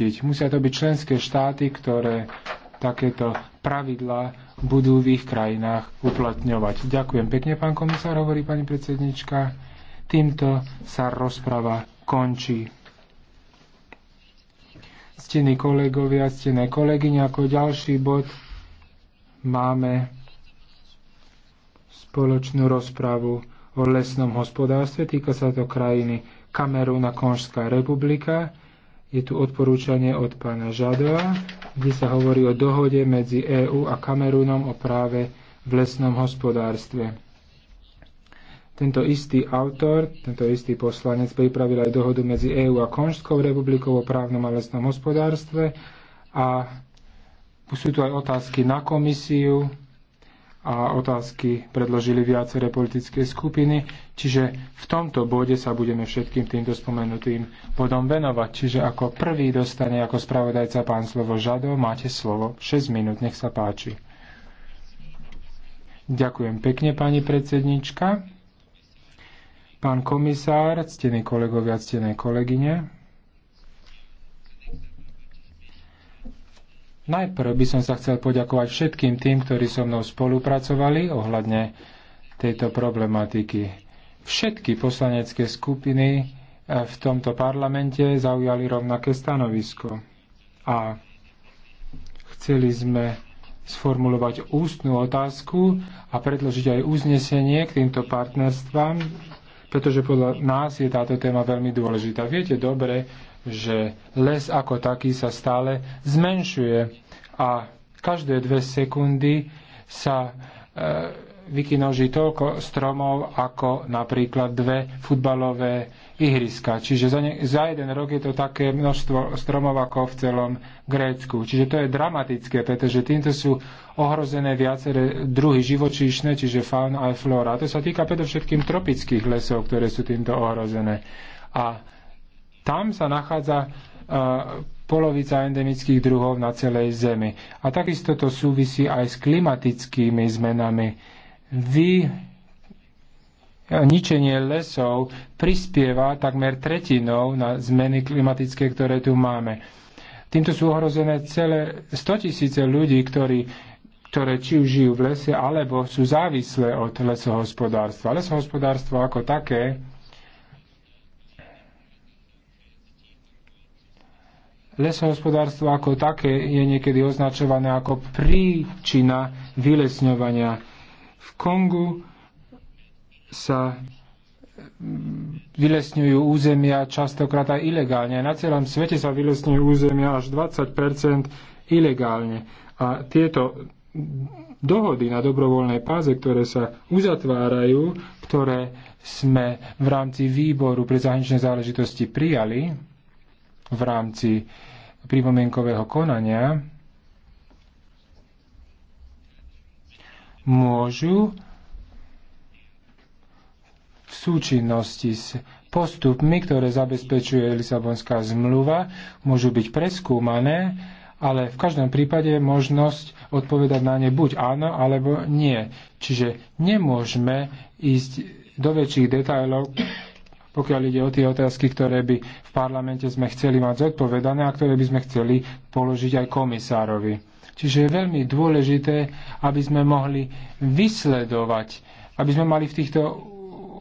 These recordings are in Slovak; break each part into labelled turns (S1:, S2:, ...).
S1: pustiť. Musia to byť členské štáty, ktoré takéto pravidlá budú v ich krajinách uplatňovať. Ďakujem pekne, pán komisár, hovorí pani predsednička. Týmto sa rozprava končí. Ctení kolegovia, ctené kolegyne, ako ďalší bod máme spoločnú rozpravu o lesnom hospodárstve. Týka sa to krajiny Kamerúna Konžská republika. Je tu odporúčanie od pána Žadoa, kde sa hovorí o dohode medzi EÚ a Kamerunom o práve v lesnom hospodárstve. Tento istý autor, tento istý poslanec pripravil aj dohodu medzi EÚ a Konžskou republikou o právnom a lesnom hospodárstve a sú tu aj otázky na komisiu, a otázky predložili viaceré politické skupiny, čiže v tomto bode sa budeme všetkým týmto spomenutým bodom venovať. Čiže ako prvý dostane ako spravodajca pán slovo Žado, máte slovo 6 minút, nech sa páči. Ďakujem pekne, pani predsednička. Pán komisár, ctení kolegovia, ctené kolegyne, Najprv by som sa chcel poďakovať všetkým tým, ktorí so mnou spolupracovali ohľadne tejto problematiky. Všetky poslanecké skupiny eh, v tomto parlamente zaujali rovnaké stanovisko a chceli sme sformulovať ústnu otázku a predložiť aj uznesenie k týmto partnerstvám, pretože podľa nás je táto téma veľmi dôležitá. Viete dobre, že les ako taký sa stále zmenšuje a každé dve sekundy sa e, vykinoží toľko stromov ako napríklad dve futbalové ihriska. Čiže za, ne, za jeden rok je to také množstvo stromov ako v celom Grécku. Čiže to je dramatické, pretože týmto sú ohrozené viaceré druhy živočíšne, čiže fauna aj flóra. A to sa týka predovšetkým tropických lesov, ktoré sú týmto ohrozené. A tam sa nachádza e, polovica endemických druhov na celej Zemi. A takisto to súvisí aj s klimatickými zmenami. Vy e, ničenie lesov prispieva takmer tretinou na zmeny klimatické, ktoré tu máme. Týmto sú ohrozené celé 100 tisíce ľudí, ktorí, ktoré či už žijú v lese, alebo sú závislé od lesohospodárstva. Lesohospodárstvo ako také lesohospodárstvo ako také je niekedy označované ako príčina vylesňovania. V Kongu sa mm, vylesňujú územia častokrát aj ilegálne. Na celom svete sa vylesňujú územia až 20 ilegálne. A tieto dohody na dobrovoľnej páze, ktoré sa uzatvárajú, ktoré sme v rámci výboru pre zahraničné záležitosti prijali, v rámci pripomienkového konania môžu v súčinnosti s postupmi, ktoré zabezpečuje Lisabonská zmluva, môžu byť preskúmané, ale v každom prípade je možnosť odpovedať na ne buď áno alebo nie. Čiže nemôžeme ísť do väčších detajlov pokiaľ ide o tie otázky, ktoré by v parlamente sme chceli mať zodpovedané a ktoré by sme chceli položiť aj komisárovi. Čiže je veľmi dôležité, aby sme mohli vysledovať, aby sme mali v týchto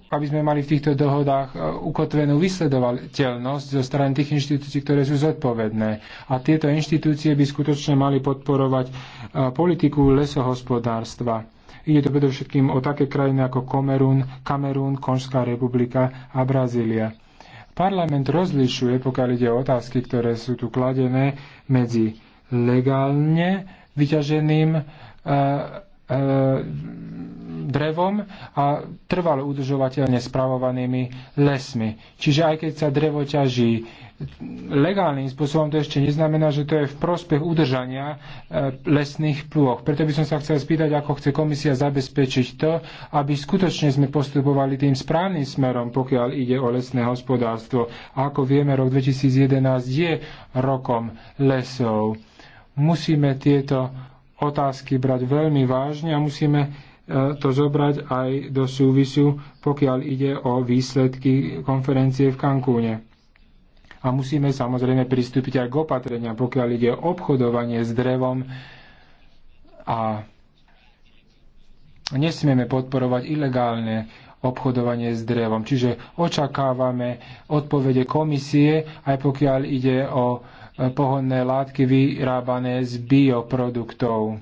S1: aby sme mali v týchto dohodách e, ukotvenú vysledovateľnosť zo strany tých inštitúcií, ktoré sú zodpovedné. A tieto inštitúcie by skutočne mali podporovať e, politiku lesohospodárstva Ide to predovšetkým o také krajiny ako Komerún, Kamerún, Konžská republika a Brazília. Parlament rozlišuje, pokiaľ ide o otázky, ktoré sú tu kladené, medzi legálne vyťaženým e, e, drevom a trvalo udržovateľne spravovanými lesmi. Čiže aj keď sa drevo ťaží legálnym spôsobom, to ešte neznamená, že to je v prospech udržania e, lesných plôch. Preto by som sa chcel spýtať, ako chce komisia zabezpečiť to, aby skutočne sme postupovali tým správnym smerom, pokiaľ ide o lesné hospodárstvo. A ako vieme, rok 2011 je rokom lesov. Musíme tieto otázky brať veľmi vážne a musíme e, to zobrať aj do súvisu, pokiaľ ide o výsledky konferencie v Kankúne a musíme samozrejme pristúpiť aj k opatreniam, pokiaľ ide o obchodovanie s drevom a nesmieme podporovať ilegálne obchodovanie s drevom. Čiže očakávame odpovede komisie, aj pokiaľ ide o e, pohonné látky vyrábané z bioproduktov.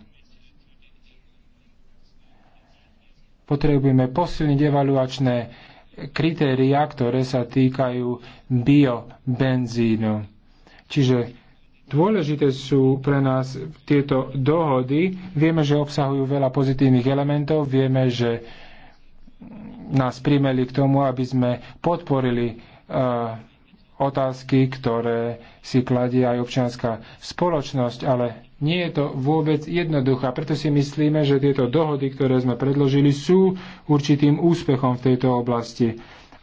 S1: Potrebujeme posilniť evaluačné kritéria, ktoré sa týkajú biobenzínu. Čiže dôležité sú pre nás tieto dohody. Vieme, že obsahujú veľa pozitívnych elementov, vieme, že nás primeli k tomu, aby sme podporili uh, otázky, ktoré si kladie aj občianská spoločnosť, ale nie je to vôbec jednoduché. Preto si myslíme, že tieto dohody, ktoré sme predložili, sú určitým úspechom v tejto oblasti.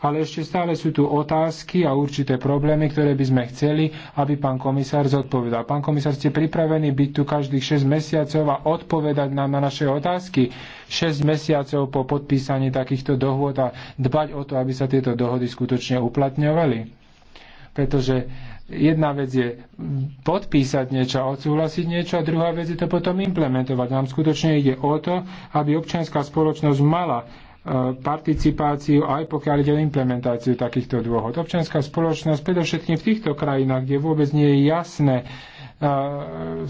S1: Ale ešte stále sú tu otázky a určité problémy, ktoré by sme chceli, aby pán komisár zodpovedal. Pán komisár, ste pripravení byť tu každých 6 mesiacov a odpovedať nám na naše otázky 6 mesiacov po podpísaní takýchto dohôd a dbať o to, aby sa tieto dohody skutočne uplatňovali? pretože jedna vec je podpísať niečo a odsúhlasiť niečo a druhá vec je to potom implementovať. Nám skutočne ide o to, aby občianská spoločnosť mala e, participáciu aj pokiaľ ide o implementáciu takýchto dôhod. Občianská spoločnosť predovšetkým v týchto krajinách, kde vôbec nie je jasné e,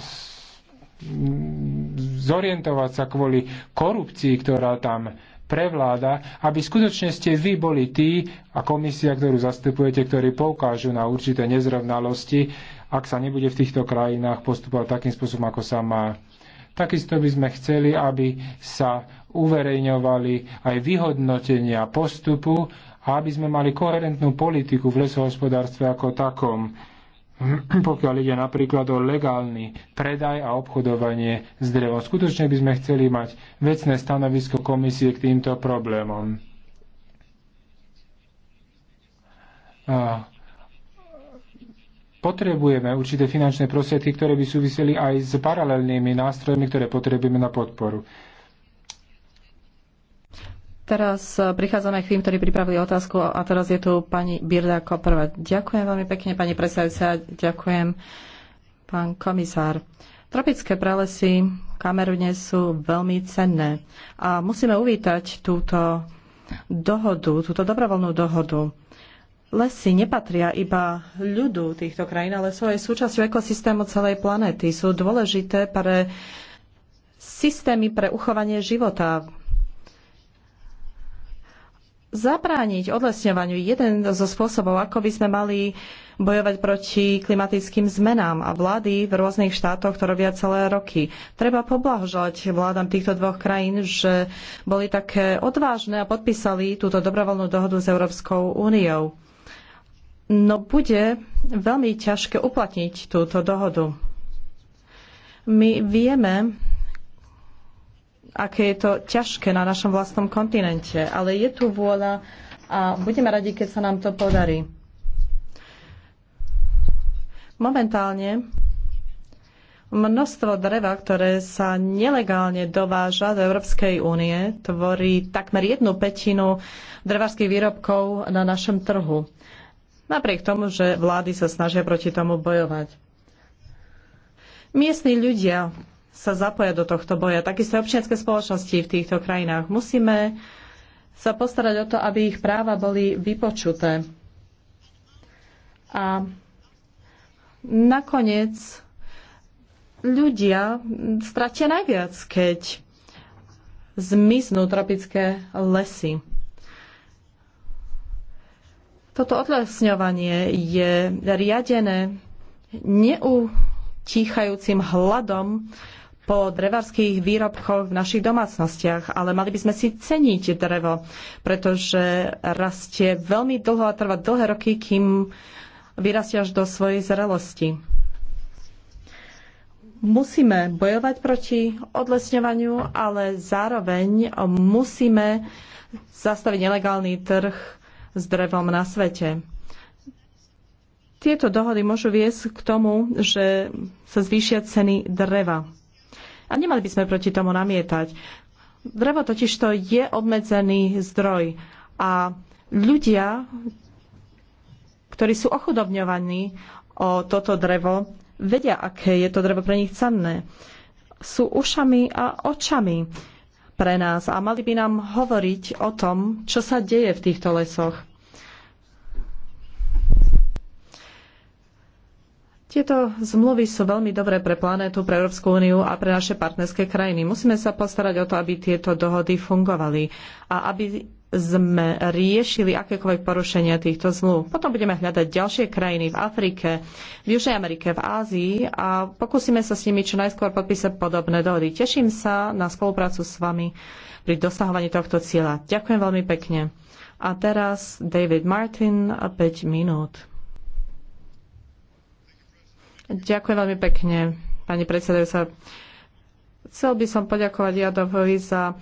S1: zorientovať sa kvôli korupcii, ktorá tam prevláda, aby skutočne ste vy boli tí a komisia, ktorú zastupujete, ktorí poukážu na určité nezrovnalosti, ak sa nebude v týchto krajinách postupovať takým spôsobom, ako sa má. Takisto by sme chceli, aby sa uverejňovali aj vyhodnotenia postupu a aby sme mali koherentnú politiku v lesohospodárstve ako takom. pokiaľ ide napríklad o legálny predaj a obchodovanie s drevom. Skutočne by sme chceli mať vecné stanovisko komisie k týmto problémom. A potrebujeme určité finančné prostriedky, ktoré by súviseli aj s paralelnými nástrojmi, ktoré potrebujeme na podporu.
S2: Teraz eh, prichádzame k tým, ktorí pripravili otázku a teraz je tu pani Birda Koprva. Ďakujem veľmi pekne, pani predsedajúca, ďakujem, pán komisár. Tropické pralesy Kamerune sú veľmi cenné a musíme uvítať túto dohodu, túto dobrovoľnú dohodu. Lesy nepatria iba ľudu týchto krajín, ale sú aj súčasťou ekosystému celej planéty. Sú dôležité pre systémy pre uchovanie života zabrániť odlesňovaniu. Jeden zo spôsobov, ako by sme mali bojovať proti klimatickým zmenám a vlády v rôznych štátoch to robia celé roky. Treba poblahoželať vládam týchto dvoch krajín, že boli také odvážne a podpísali túto dobrovoľnú dohodu s Európskou úniou. No bude veľmi ťažké uplatniť túto dohodu. My vieme, aké je to ťažké na našom vlastnom kontinente. Ale je tu vôľa a budeme radi, keď sa nám to podarí. Momentálne množstvo dreva, ktoré sa nelegálne dováža do Európskej únie, tvorí takmer jednu petinu drevarských výrobkov na našom trhu. Napriek tomu, že vlády sa snažia proti tomu bojovať. Miestni ľudia sa zapoja do tohto boja. Takisto občianske spoločnosti v týchto krajinách. Musíme sa postarať o to, aby ich práva boli vypočuté. A nakoniec ľudia stratia najviac, keď zmiznú tropické lesy. Toto odlesňovanie je riadené neutíchajúcim hladom po drevarských výrobkoch v našich domácnostiach, ale mali by sme si ceniť drevo, pretože rastie veľmi dlho a trvá dlhé roky, kým vyrastie až do svojej zrelosti. Musíme bojovať proti odlesňovaniu, ale zároveň musíme zastaviť nelegálny trh s drevom na svete tieto dohody môžu viesť k tomu, že sa zvýšia ceny dreva. A nemali by sme proti tomu namietať. Drevo totiž to je obmedzený zdroj a ľudia, ktorí sú ochudobňovaní o toto drevo, vedia, aké je to drevo pre nich cenné. Sú ušami a očami pre nás a mali by nám hovoriť o tom, čo sa deje v týchto lesoch. Tieto zmluvy sú veľmi dobré pre planétu, pre Európsku úniu a pre naše partnerské krajiny. Musíme sa postarať o to, aby tieto dohody fungovali a aby sme riešili akékoľvek porušenia týchto zmluv. Potom budeme hľadať ďalšie krajiny v Afrike, v Južnej Amerike, v Ázii a pokúsime sa s nimi čo najskôr podpísať podobné dohody. Teším sa na spoluprácu s vami pri dosahovaní tohto cieľa. Ďakujem veľmi pekne. A teraz David Martin, 5 minút. Ďakujem veľmi pekne, pani predsedajúca. Chcel by som poďakovať Jadovovi za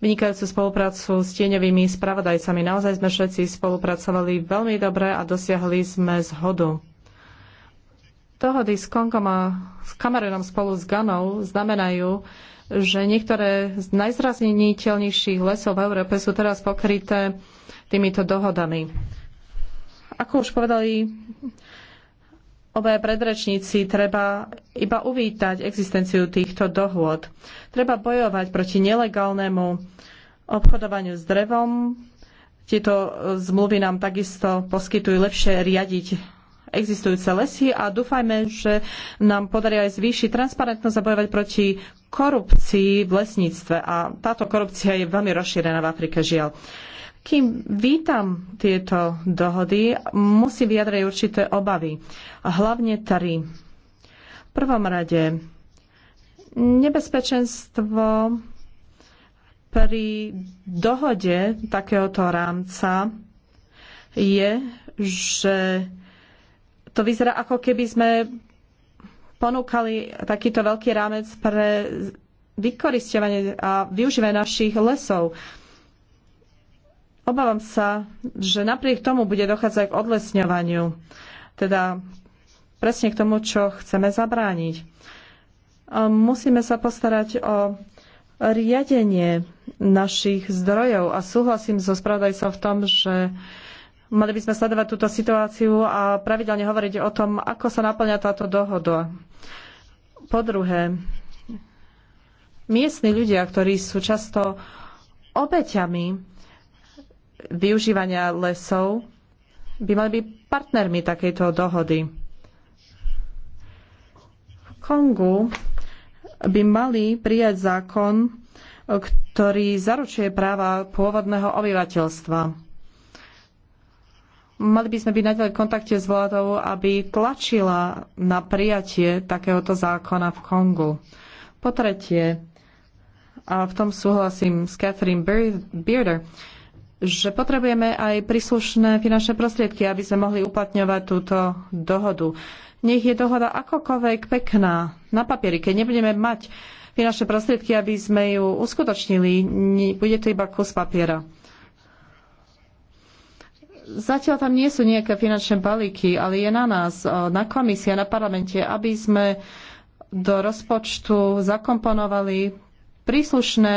S2: vynikajúcu spoluprácu s tieňovými spravodajcami. Naozaj sme všetci spolupracovali veľmi dobre a dosiahli sme zhodu. Dohody s Kongom a s Kamerunom spolu s Ganou znamenajú, že niektoré z najzrazniteľnejších lesov v Európe sú teraz pokryté týmito dohodami. Ako už povedali obaja predrečníci, treba iba uvítať existenciu týchto dohôd. Treba bojovať proti nelegálnemu obchodovaniu s drevom. Tieto zmluvy nám takisto poskytujú lepšie riadiť existujúce lesy a dúfajme, že nám podarí aj zvýšiť transparentnosť a bojovať proti korupcii v lesníctve. A táto korupcia je veľmi rozšírená v Afrike, žiaľ. Kým vítam tieto dohody, musím vyjadrať určité obavy. Hlavne tri. V prvom rade nebezpečenstvo pri dohode takéhoto rámca je, že to vyzerá ako keby sme ponúkali takýto veľký rámec pre vykoristovanie a využívanie našich lesov. Obávam sa, že napriek tomu bude dochádzať k odlesňovaniu, teda presne k tomu, čo chceme zabrániť. Musíme sa postarať o riadenie našich zdrojov a súhlasím so spravodajcom v tom, že mali by sme sledovať túto situáciu a pravidelne hovoriť o tom, ako sa naplňa táto dohoda. Po druhé, miestni ľudia, ktorí sú často obeťami využívania lesov by mali byť partnermi takejto dohody. V Kongu by mali prijať zákon, ktorý zaručuje práva pôvodného obyvateľstva. Mali by sme byť naďalej v kontakte s vládou, aby tlačila na prijatie takéhoto zákona v Kongu. Po tretie, a v tom súhlasím s Catherine Bearder, že potrebujeme aj príslušné finančné prostriedky, aby sme mohli uplatňovať túto dohodu. Nech je dohoda akokoľvek pekná na papieri, keď nebudeme mať finančné prostriedky, aby sme ju uskutočnili, bude to iba kus papiera. Zatiaľ tam nie sú nejaké finančné balíky, ale je na nás, na komisie, a na parlamente, aby sme do rozpočtu zakomponovali príslušné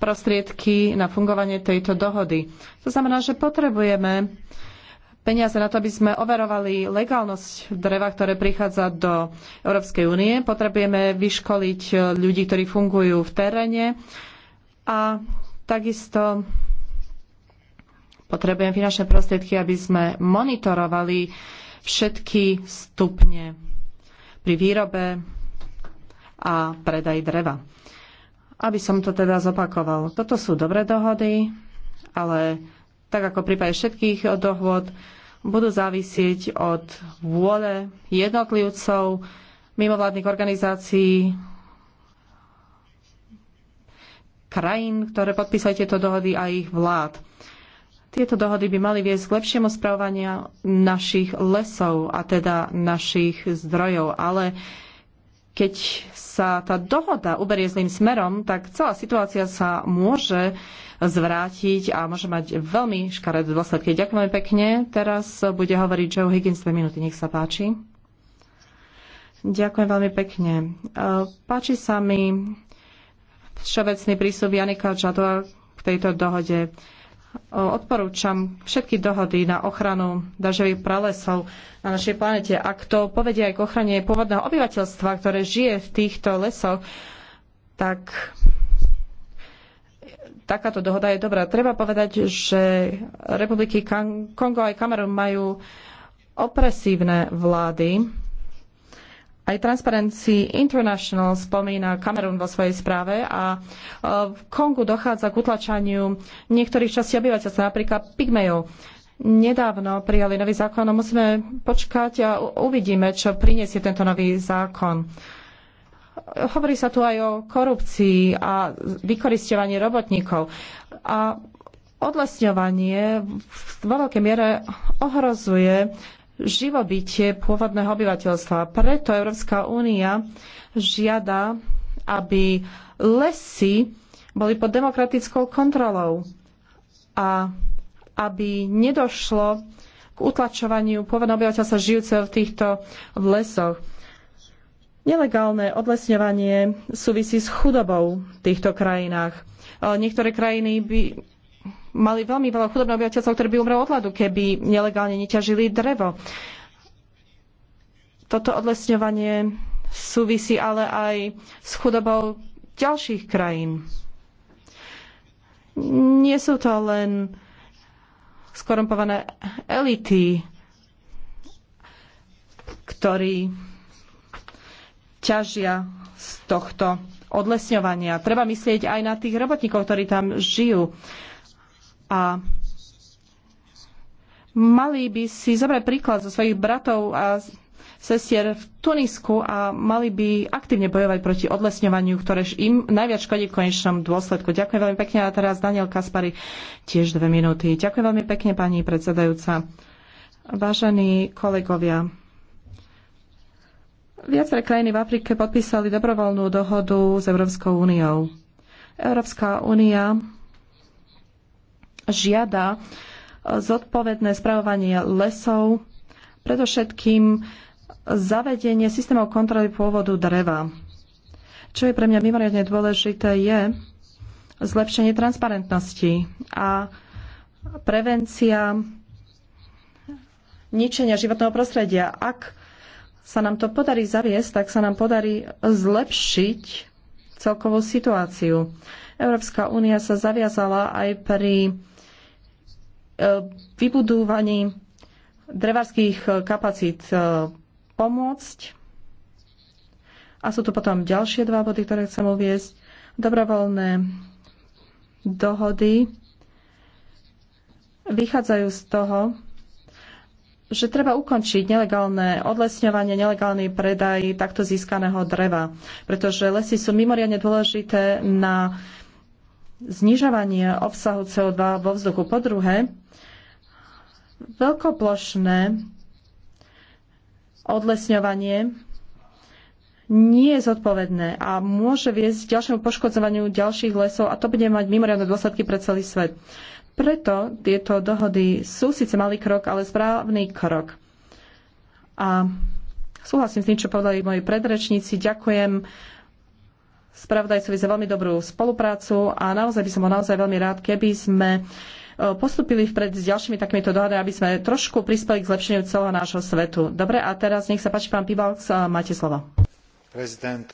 S2: prostriedky na fungovanie tejto dohody. To znamená, že potrebujeme peniaze na to, aby sme overovali legálnosť dreva, ktoré prichádza do Európskej únie. Potrebujeme vyškoliť ľudí, ktorí fungujú v teréne a takisto potrebujeme finančné prostriedky, aby sme monitorovali všetky stupne pri výrobe a predaj dreva. Aby som to teda zopakoval, toto sú dobré dohody, ale tak ako v prípade všetkých dohôd, budú závisieť od vôle jednotlivcov, mimovládnych organizácií, krajín, ktoré podpísali tieto dohody a ich vlád. Tieto dohody by mali viesť k lepšiemu správaniu našich lesov a teda našich zdrojov, ale keď sa tá dohoda uberie zlým smerom, tak celá situácia sa môže zvrátiť a môže mať veľmi škaredé dôsledky. Ďakujem pekne. Teraz bude hovoriť Joe Higgins 2 minúty. Nech sa páči. Ďakujem veľmi pekne. E, páči sa mi všeobecný prístup Janika Čadova k tejto dohode odporúčam všetky dohody na ochranu dažových pralesov na našej planete. Ak to povedia aj k ochrane pôvodného obyvateľstva, ktoré žije v týchto lesoch, tak takáto dohoda je dobrá. Treba povedať, že republiky Kongo aj Kamerun majú opresívne vlády, aj Transparency International spomína Kamerun vo svojej správe a e, v Kongu dochádza k utlačaniu niektorých častí obyvateľstva, napríklad pygmejov nedávno prijali nový zákon a musíme počkať a uvidíme, čo priniesie tento nový zákon. Hovorí sa tu aj o korupcii a vykoristovaní robotníkov. A odlesňovanie vo veľkej miere ohrozuje živobytie pôvodného obyvateľstva. Preto Európska únia žiada, aby lesy boli pod demokratickou kontrolou a aby nedošlo k utlačovaniu pôvodného obyvateľstva žijúceho v týchto lesoch. Nelegálne odlesňovanie súvisí s chudobou v týchto krajinách. E, niektoré krajiny by mali veľmi veľa chudobných obyvateľov, ktorí by umreli od hladu, keby nelegálne neťažili drevo. Toto odlesňovanie súvisí ale aj s chudobou ďalších krajín. Nie sú to len skorumpované elity, ktorí ťažia z tohto odlesňovania. Treba myslieť aj na tých robotníkov, ktorí tam žijú. A mali by si zobrať príklad zo svojich bratov a sestier v Tunisku a mali by aktívne bojovať proti odlesňovaniu, ktoré im najviac škodí v konečnom dôsledku. Ďakujem veľmi pekne a teraz Daniel Kaspari tiež dve minúty. Ďakujem veľmi pekne pani predsedajúca. Vážení kolegovia, viaceré krajiny v Afrike podpísali dobrovoľnú dohodu s Európskou úniou. Európska únia žiada e, zodpovedné spravovanie lesov, predovšetkým zavedenie systémov kontroly pôvodu dreva. Čo je pre mňa mimoriadne dôležité, je zlepšenie transparentnosti a prevencia ničenia životného prostredia. Ak sa nám to podarí zaviesť, tak sa nám podarí zlepšiť celkovú situáciu. Európska únia sa zaviazala aj pri vybudovaní drevarských kapacít e, pomôcť. A sú tu potom ďalšie dva body, ktoré chcem uviezť. Dobrovoľné dohody vychádzajú z toho, že treba ukončiť nelegálne odlesňovanie, nelegálny predaj takto získaného dreva, pretože lesy sú mimoriadne dôležité na znižovanie obsahu CO2 vo vzduchu. Po druhé, veľkoplošné odlesňovanie nie je zodpovedné a môže viesť k ďalšiemu poškodzovaniu ďalších lesov a to bude mať mimoriadne dôsledky pre celý svet. Preto tieto dohody sú síce malý krok, ale správny krok. A súhlasím s tým, čo povedali moji predrečníci. Ďakujem spravodajcovi za veľmi dobrú spoluprácu a naozaj by som ho naozaj veľmi rád, keby sme e, postupili vpred s ďalšími takýmito dohodami, aby sme trošku prispeli k zlepšeniu celého nášho svetu. Dobre, a teraz nech sa páči, pán Pibalks, máte
S1: slovo. Prezident.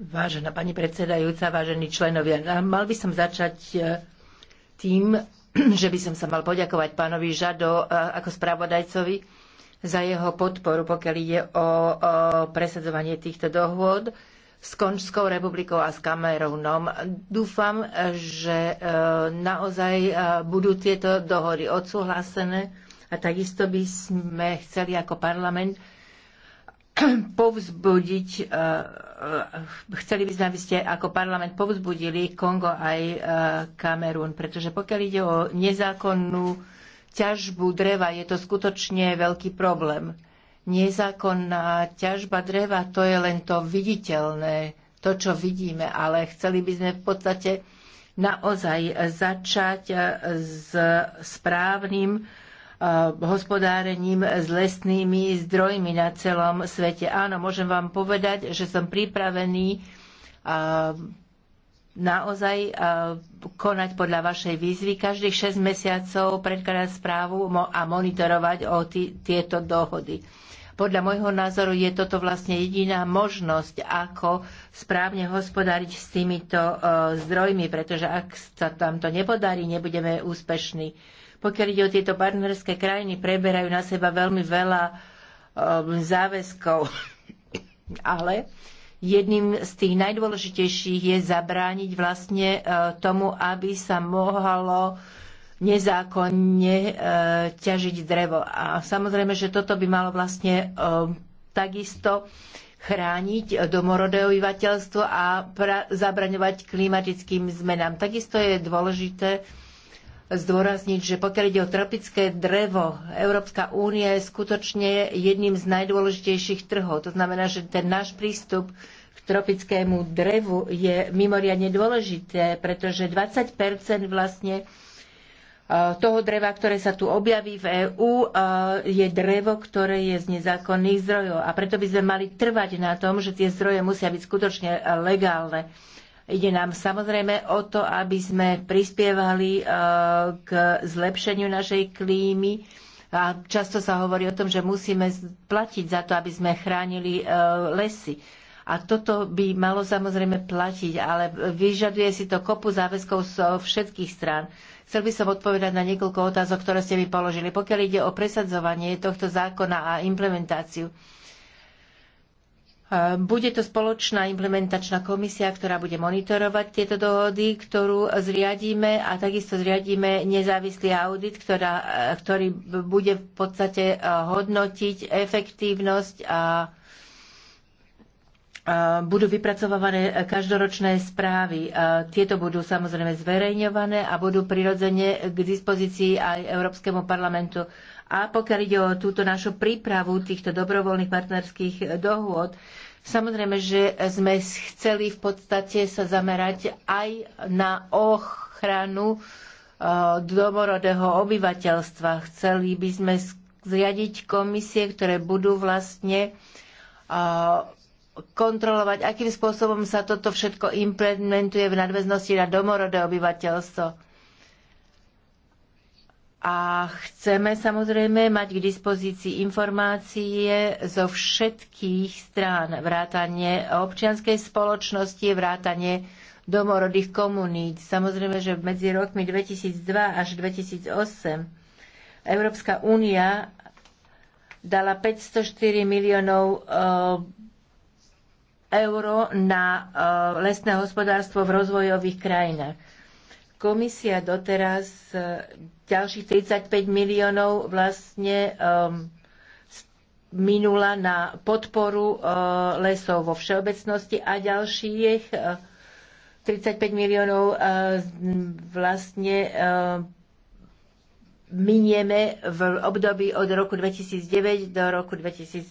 S3: Vážená pani predsedajúca, vážení členovia, mal by som začať e, tým, že by som sa mal poďakovať pánovi Žado e, ako spravodajcovi za jeho podporu, pokiaľ ide o presadzovanie týchto dohôd s Konžskou republikou a s Kamerunom. Dúfam, že e, naozaj e, budú tieto dohody odsúhlasené a takisto by sme chceli ako parlament povzbudiť, e, chceli by sme, aby ste ako parlament povzbudili Kongo aj Kamerún, pretože pokiaľ ide o nezákonnú ťažbu dreva, je to skutočne veľký problém Nezákonná ťažba dreva, to je len to viditeľné, to, čo vidíme, ale chceli by sme v podstate naozaj začať e, s správnym e, hospodárením s lesnými zdrojmi na celom svete. Áno, môžem vám povedať, že som pripravený e, naozaj konať podľa vašej výzvy. Každých 6 mesiacov predkladať správu a monitorovať o tieto dohody. Podľa môjho názoru je toto vlastne jediná možnosť, ako správne hospodáriť s týmito e, zdrojmi, pretože ak sa tam to nepodarí, nebudeme úspešní. Pokiaľ ide o tieto partnerské krajiny, preberajú na seba veľmi veľa e, záväzkov, ale jedným z tých najdôležitejších je zabrániť vlastne e, tomu, aby sa mohlo nezákonne e, ťažiť drevo. A samozrejme, že toto by malo vlastne e, takisto chrániť domorodé obyvateľstvo a pra- zabraňovať klimatickým zmenám. Takisto je dôležité zdôrazniť, že pokiaľ ide o tropické drevo, Európska únia je skutočne jedným z najdôležitejších trhov. To znamená, že ten náš prístup k tropickému drevu je mimoriadne dôležité, pretože 20 vlastne E, toho dreva, ktoré sa tu objaví v EÚ, e, je drevo, ktoré je z nezákonných zdrojov. A preto by sme mali trvať na tom, že tie zdroje musia byť skutočne e, legálne. Ide nám samozrejme o to, aby sme prispievali k zlepšeniu našej klímy. A často sa hovorí o tom, že musíme platiť za to, aby sme chránili lesy. A toto by malo samozrejme platiť, ale vyžaduje si to kopu záväzkov zo všetkých strán. Chcel by som odpovedať na niekoľko otázok, ktoré ste mi položili. Pokiaľ ide o presadzovanie tohto zákona a implementáciu, eh, bude to spoločná implementačná komisia, ktorá bude monitorovať tieto dohody, ktorú zriadíme a takisto zriadíme nezávislý audit, ktorá, eh, ktorý bude v podstate eh, hodnotiť efektívnosť a budú vypracovávané každoročné správy. Tieto budú samozrejme zverejňované a budú prirodzene k dispozícii aj Európskemu parlamentu. A pokiaľ ide o túto našu prípravu týchto dobrovoľných partnerských dohôd, samozrejme, že sme chceli v podstate sa zamerať aj na ochranu e, domorodého obyvateľstva. Chceli by sme zriadiť komisie, ktoré budú vlastne e, kontrolovať, akým spôsobom sa toto všetko implementuje v nadväznosti na domorodé obyvateľstvo. A chceme samozrejme mať k dispozícii informácie zo všetkých strán, vrátanie občianskej spoločnosti, vrátanie domorodých komunít. Samozrejme, že medzi rokmi 2002 až 2008 Európska únia dala 504 miliónov e, euro na eh, lesné hospodárstvo v rozvojových krajinách. Komisia doteraz eh, ďalších 35 miliónov vlastne eh, minula na podporu lesov vo všeobecnosti a ďalších 35 miliónov vlastne minieme v období od roku 2009 do roku 2013.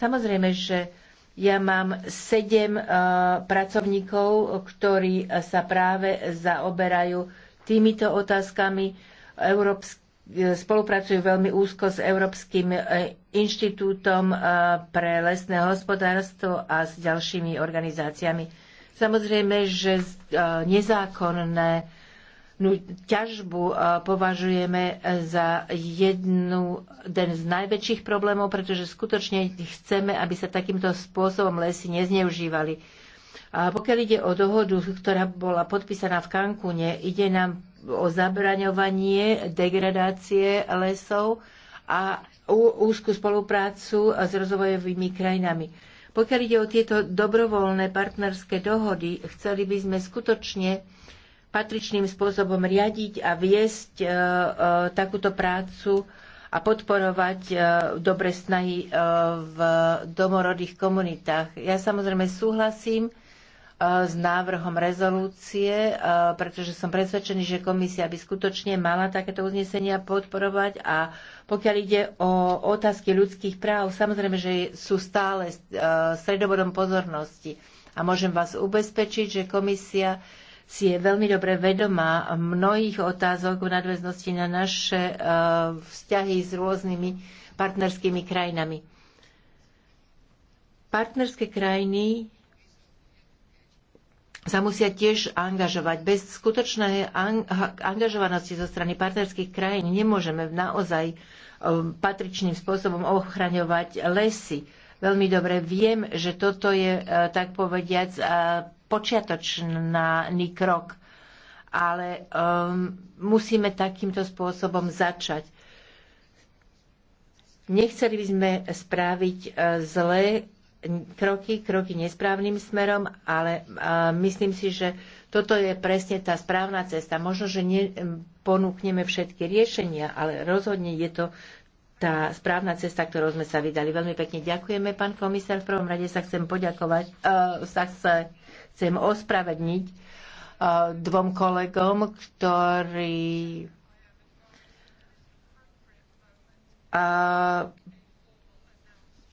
S3: Samozrejme, že ja mám sedem eh, pracovníkov, ktorí eh, sa práve zaoberajú týmito otázkami. Eh, spolupracujú veľmi úzko s Európskym inštitútom pre lesné hospodárstvo a s ďalšími organizáciami. Samozrejme, že nezákonné No, ťažbu e, považujeme za jednu, jeden z najväčších problémov, pretože skutočne chceme, aby sa takýmto spôsobom lesy nezneužívali. A pokiaľ ide o dohodu, ktorá bola podpísaná v Kankune, ide nám o zabraňovanie degradácie lesov a úzku spoluprácu s rozvojovými krajinami. Pokiaľ ide o tieto dobrovoľné partnerské dohody, chceli by sme skutočne patričným spôsobom riadiť a viesť e, e, takúto prácu a podporovať e, dobre snahy v domorodých komunitách. Ja samozrejme súhlasím s návrhom rezolúcie, pretože som presvedčený, že komisia by skutočne mala takéto uznesenia podporovať a pokiaľ ide o otázky ľudských práv, samozrejme, že sú stále stredobodom pozornosti. A môžem vás ubezpečiť, že komisia si je veľmi dobre vedomá mnohých otázok v nadväznosti na naše eh, vzťahy s rôznymi partnerskými krajinami. Partnerské krajiny sa musia tiež angažovať. Bez skutočnej angažovanosti zo strany partnerských krajín nemôžeme naozaj eh, patričným spôsobom ochraňovať lesy. Veľmi dobre viem, že toto je, eh, tak povediac, počiatočný krok, ale um, musíme takýmto spôsobom začať. Nechceli by sme spraviť uh, zlé kroky, kroky nesprávnym smerom, ale uh, myslím si, že toto je presne tá správna cesta. Možno, že neponúkneme všetky riešenia, ale rozhodne je to tá správna cesta, ktorou sme sa vydali. Veľmi pekne ďakujeme, pán komisár. V prvom rade sa chcem poďakovať, uh, sa chcem chcem ospravedniť eh, dvom kolegom, ktorí eh,